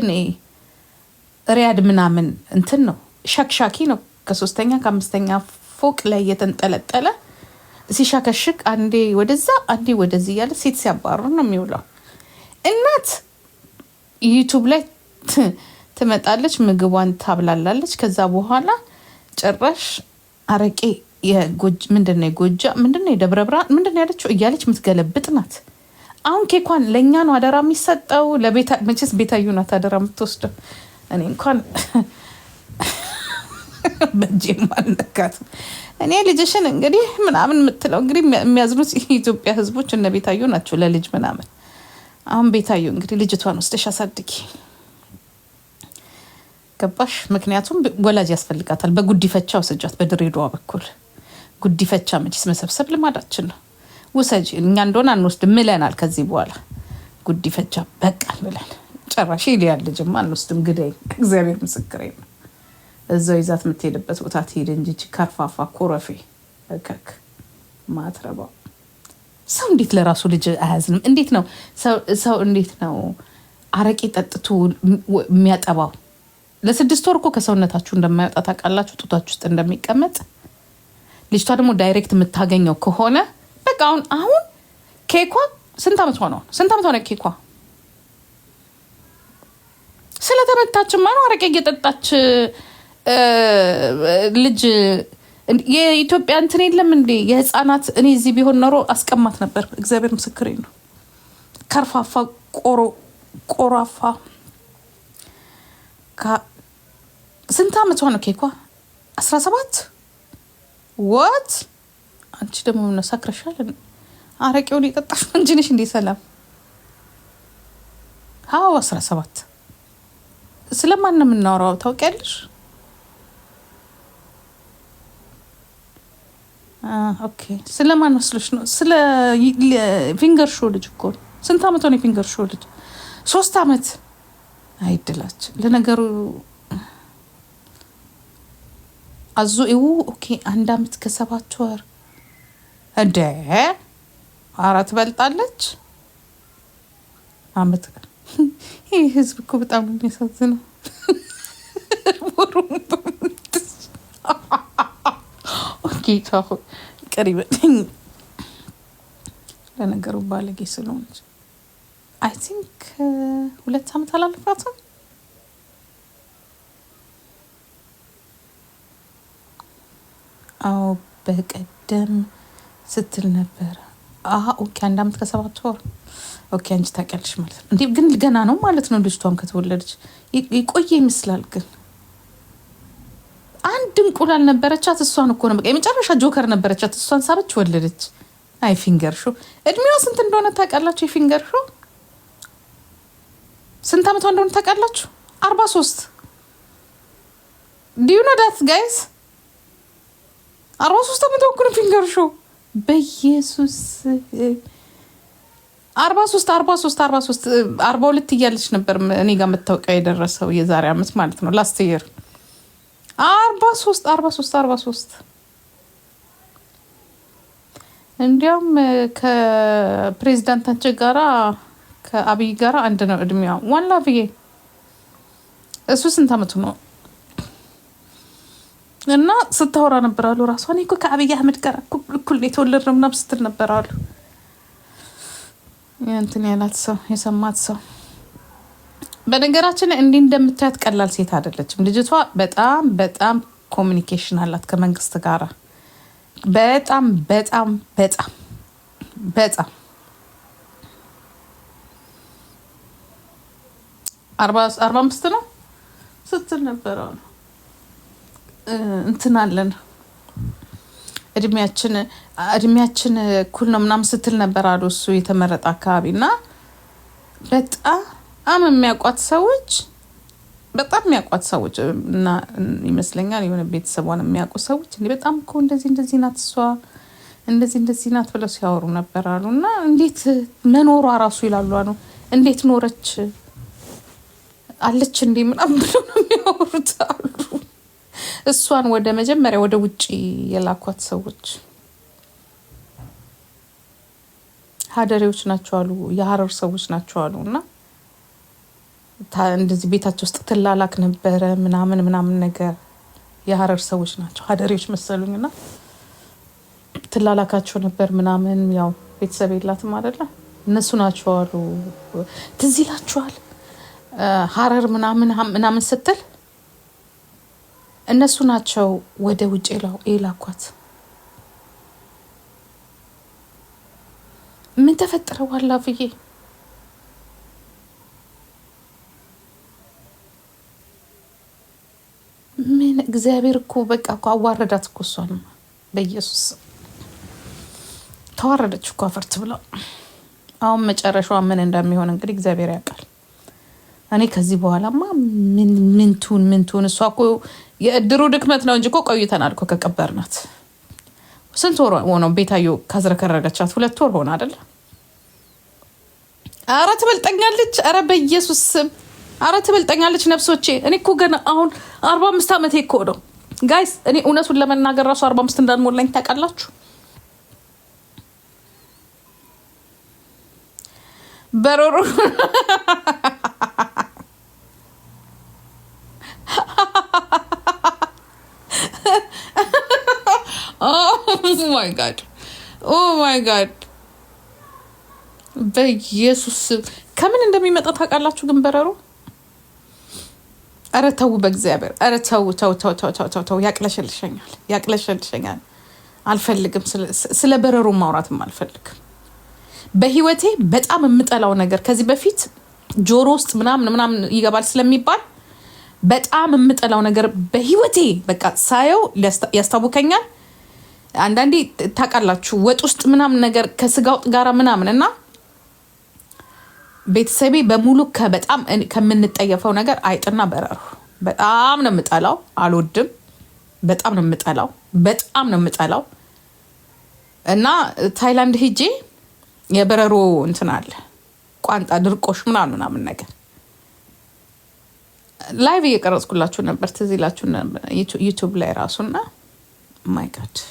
እኔ ሪያድ ምናምን እንትን ነው ሻክሻኪ ነው። ከሶስተኛ ከአምስተኛ ፎቅ ላይ የተንጠለጠለ ሲሻከሽቅ አንዴ ወደዛ አንዴ ወደዚህ እያለ ሴት ሲያባሩ ነው የሚውለው። እናት ዩቱብ ላይ ትመጣለች፣ ምግቧን ታብላላለች። ከዛ በኋላ ጭራሽ አረቄ ምንድነው የጎጃ ምንድነው የደብረ ብርሃን ምንድነው ያለችው እያለች የምትገለብጥ ናት። አሁን ኬኳን ለእኛ ነው አደራ የሚሰጠው። መቼስ ቤታዩ ናት አደራ የምትወስደው። እኔ እንኳን በእጄ ማነካት እኔ ልጅሽን እንግዲህ ምናምን የምትለው እንግዲህ የሚያዝኑት የኢትዮጵያ ሕዝቦች እነ ቤታዩ ናቸው ለልጅ ምናምን። አሁን ቤታዩ እንግዲህ ልጅቷን ወስደሽ አሳድጊ ገባሽ? ምክንያቱም ወላጅ ያስፈልጋታል። በጉዲፈቻ ውስጃት በድሬዳዋ በኩል ጉዲፈቻ መቼስ መሰብሰብ ልማዳችን ነው። ውሰጅ፣ እኛ እንደሆነ አንወስድም ምለናል። ከዚህ በኋላ ጉዲፈቻ በቃል ብለን ጨራሽ ሊያ ልጅማ አንወስድም፣ ግዳይ እግዚአብሔር ምስክሬ ነው። እዛው ይዛት የምትሄድበት ቦታ ትሄድ እንጂ ከርፋፋ ኮረፌ እከክ ማትረባው ሰው እንዴት ለራሱ ልጅ አያዝንም? እንዴት ነው ሰው እንዴት ነው አረቄ ጠጥቶ የሚያጠባው? ለስድስት ወር እኮ ከሰውነታችሁ እንደማይወጣ ታውቃላችሁ፣ ጡታችሁ ውስጥ እንደሚቀመጥ ልጅቷ ደግሞ ዳይሬክት የምታገኘው ከሆነ ልክ አሁን አሁን ኬኳ ስንት ዓመት ሆነው ስንት ዓመት ሆነ ኬኳ ማ ነው አረቄ እየጠጣች ልጅ የኢትዮጵያ እንትን የለም እንዴ የህፃናት እኔ እዚህ ቢሆን ኖሮ አስቀማት ነበር እግዚአብሔር ምስክሬ ነው ከርፋፋ ቆሮ ቆራፋ ስንት ዓመት ሆነ ኬኳ አስራ ሰባት ወት አንቺ ደግሞ ምነው ሰክረሻል? አረቄውን የጠጣሽው አንቺ ነሽ እንዴ? ሰላም አዎ፣ አስራ ሰባት ስለማን ነው የምናወራው ታውቂያለሽ? ኦኬ፣ ስለማን መስሎች ነው? ስለ ፊንገር ሾ ልጅ እኮ ስንት አመት ሆነ የፊንገር ሾ ልጅ? ሶስት አመት አይድላች። ለነገሩ አዞ ይው ኦኬ፣ አንድ አመት ከሰባት ወር እንዴ አራት በልጣለች። አመት ይህ ህዝብ እኮ በጣም የሚያሳዝነው ጌታ ለነገሩ ባለጌ ስለሆነች አይ ቲንክ ሁለት አመት አላለፋትም። አዎ በቀደም ስትል ነበረ። ኦኬ አንድ አመት ከሰባት ወር ኦኬ፣ አንቺ ታውቂያለሽ ማለት ነው እንዴ? ግን ገና ነው ማለት ነው። ልጅቷም ከተወለደች ይቆየ ይመስላል። ግን አንድ እንቁላል ነበረቻት። እሷን እኮ ነው በቃ የመጨረሻ ጆከር ነበረቻት። እሷን ሳበች፣ ወለደች። አይ ፊንገር ሾ እድሜዋ ስንት እንደሆነ ታውቃላችሁ? የፊንገር ሾ ስንት አመቷ እንደሆነ ታውቃላችሁ? አርባ ሶስት ዲዩ ኖ ዳት ጋይስ፣ አርባ ሶስት አመቷ እኮ ነው ፊንገር ሾ በኢየሱስ አርባ ሶስት አርባ ሶስት አርባ ሶስት አርባ ሁለት እያለች ነበር እኔ ጋር መታወቂያ የደረሰው የዛሬ አመት ማለት ነው ላስት የር አርባ ሶስት አርባ ሶስት አርባ ሶስት እንዲያውም ከፕሬዚዳንታችን ጋራ ከአብይ ጋራ አንድ ነው እድሜዋ ዋን ብዬ እሱ ስንት አመቱ ነው? እና ስታወራ ነበር አሉ። ራሷ እኔ እኮ ከአብይ አህመድ ጋር እኩል ነው ምናምን ስትል ነበር አሉ። እንትን ያላት ሰው የሰማት ሰው በነገራችን እንዲህ እንደምታያት ቀላል ሴት አይደለችም ልጅቷ። በጣም በጣም ኮሚኒኬሽን አላት ከመንግስት ጋር በጣም በጣም በጣም በጣም አርባ አምስት ነው ስትል ነበረ እንትን አለን እድሜያችን እድሜያችን እኩል ነው ምናምን ስትል ነበር አሉ። እሱ የተመረጠ አካባቢ እና በጣም የሚያውቋት ሰዎች በጣም የሚያውቋት ሰዎች እና ይመስለኛል የሆነ ቤተሰቧን የሚያውቁ ሰዎች እ በጣም እኮ እንደዚህ እንደዚህ ናት እሷ እንደዚህ እንደዚህ ናት ብለው ሲያወሩ ነበር አሉ። እና እንዴት መኖሯ ራሱ ይላሉ አሉ እንዴት ኖረች አለች እንዴ ምናምን ብለው ነው የሚያወሩት አሉ። እሷን ወደ መጀመሪያ ወደ ውጭ የላኳት ሰዎች ሀደሬዎች ናቸው አሉ፣ የሀረር ሰዎች ናቸው አሉ። እና እንደዚህ ቤታቸው ውስጥ ትላላክ ነበረ ምናምን ምናምን ነገር የሀረር ሰዎች ናቸው ሀደሬዎች መሰሉኝ። እና ትላላካቸው ነበር ምናምን ያው ቤተሰብ የላትም አደለ? እነሱ ናቸው አሉ። ትዝ ይላችኋል ሀረር ምናምን ምናምን ስትል እነሱ ናቸው ወደ ውጭ የላኳት። ምን ተፈጠረ ብዬ ምን እግዚአብሔር እኮ በቃ እኮ አዋረዳት እኮ እሷን፣ በኢየሱስ ተዋረደች እኮ አፈርት ብለው። አሁን መጨረሻዋ ምን እንደሚሆን እንግዲህ እግዚአብሔር ያውቃል። እኔ ከዚህ በኋላማ ምንቱን ምንቱን እሷ እኮ የእድሩ ድክመት ነው እንጂ እኮ ቆይተናል እኮ ከቀበርናት ስንት ወር ሆነው ቤታዮ ካዝረከረገቻት ሁለት ወር ሆነ አደለ አረ ትበልጠኛለች። አረ በኢየሱስ ስም አረ ትበልጠኛለች። ነፍሶቼ እኔ እኮ ገና አሁን አርባ አምስት ዓመቴ እኮ ነው ጋይስ። እኔ እውነቱን ለመናገር ራሱ አርባ አምስት እንዳልሞላኝ ታውቃላችሁ። በሮሮ oh my God. Oh my God. በኢየሱስ ከምን እንደሚመጣ ታውቃላችሁ? ግን በረሮ ኧረ ተው፣ በእግዚአብሔር ኧረ ተው ተው ተው ተው ተው ተው። ያቅለሸልሸኛል ያቅለሸልሸኛል። አልፈልግም፣ ስለ በረሩ ማውራትም አልፈልግም። በህይወቴ በጣም የምጠላው ነገር ከዚህ በፊት ጆሮ ውስጥ ምናምን ምናምን ይገባል ስለሚባል በጣም የምጠላው ነገር በህይወቴ በቃ ሳየው ያስታውከኛል። አንዳንዴ ታውቃላችሁ ወጥ ውስጥ ምናምን ነገር ከስጋ ወጥ ጋር ምናምን እና ቤተሰቤ በሙሉ በጣም ከምንጠየፈው ነገር አይጥና በረሮ በጣም ነው የምጠላው። አልወድም። በጣም ነው የምጠላው። በጣም ነው የምጠላው እና ታይላንድ ሂጄ የበረሮ እንትን አለ ቋንጣ ድርቆሽ ምናምን ምናምን ነገር ላይቭ እየቀረጽኩላችሁ ነበር፣ ትዝ ይላችሁ ዩቱብ ላይ ራሱና ማይ ጋድ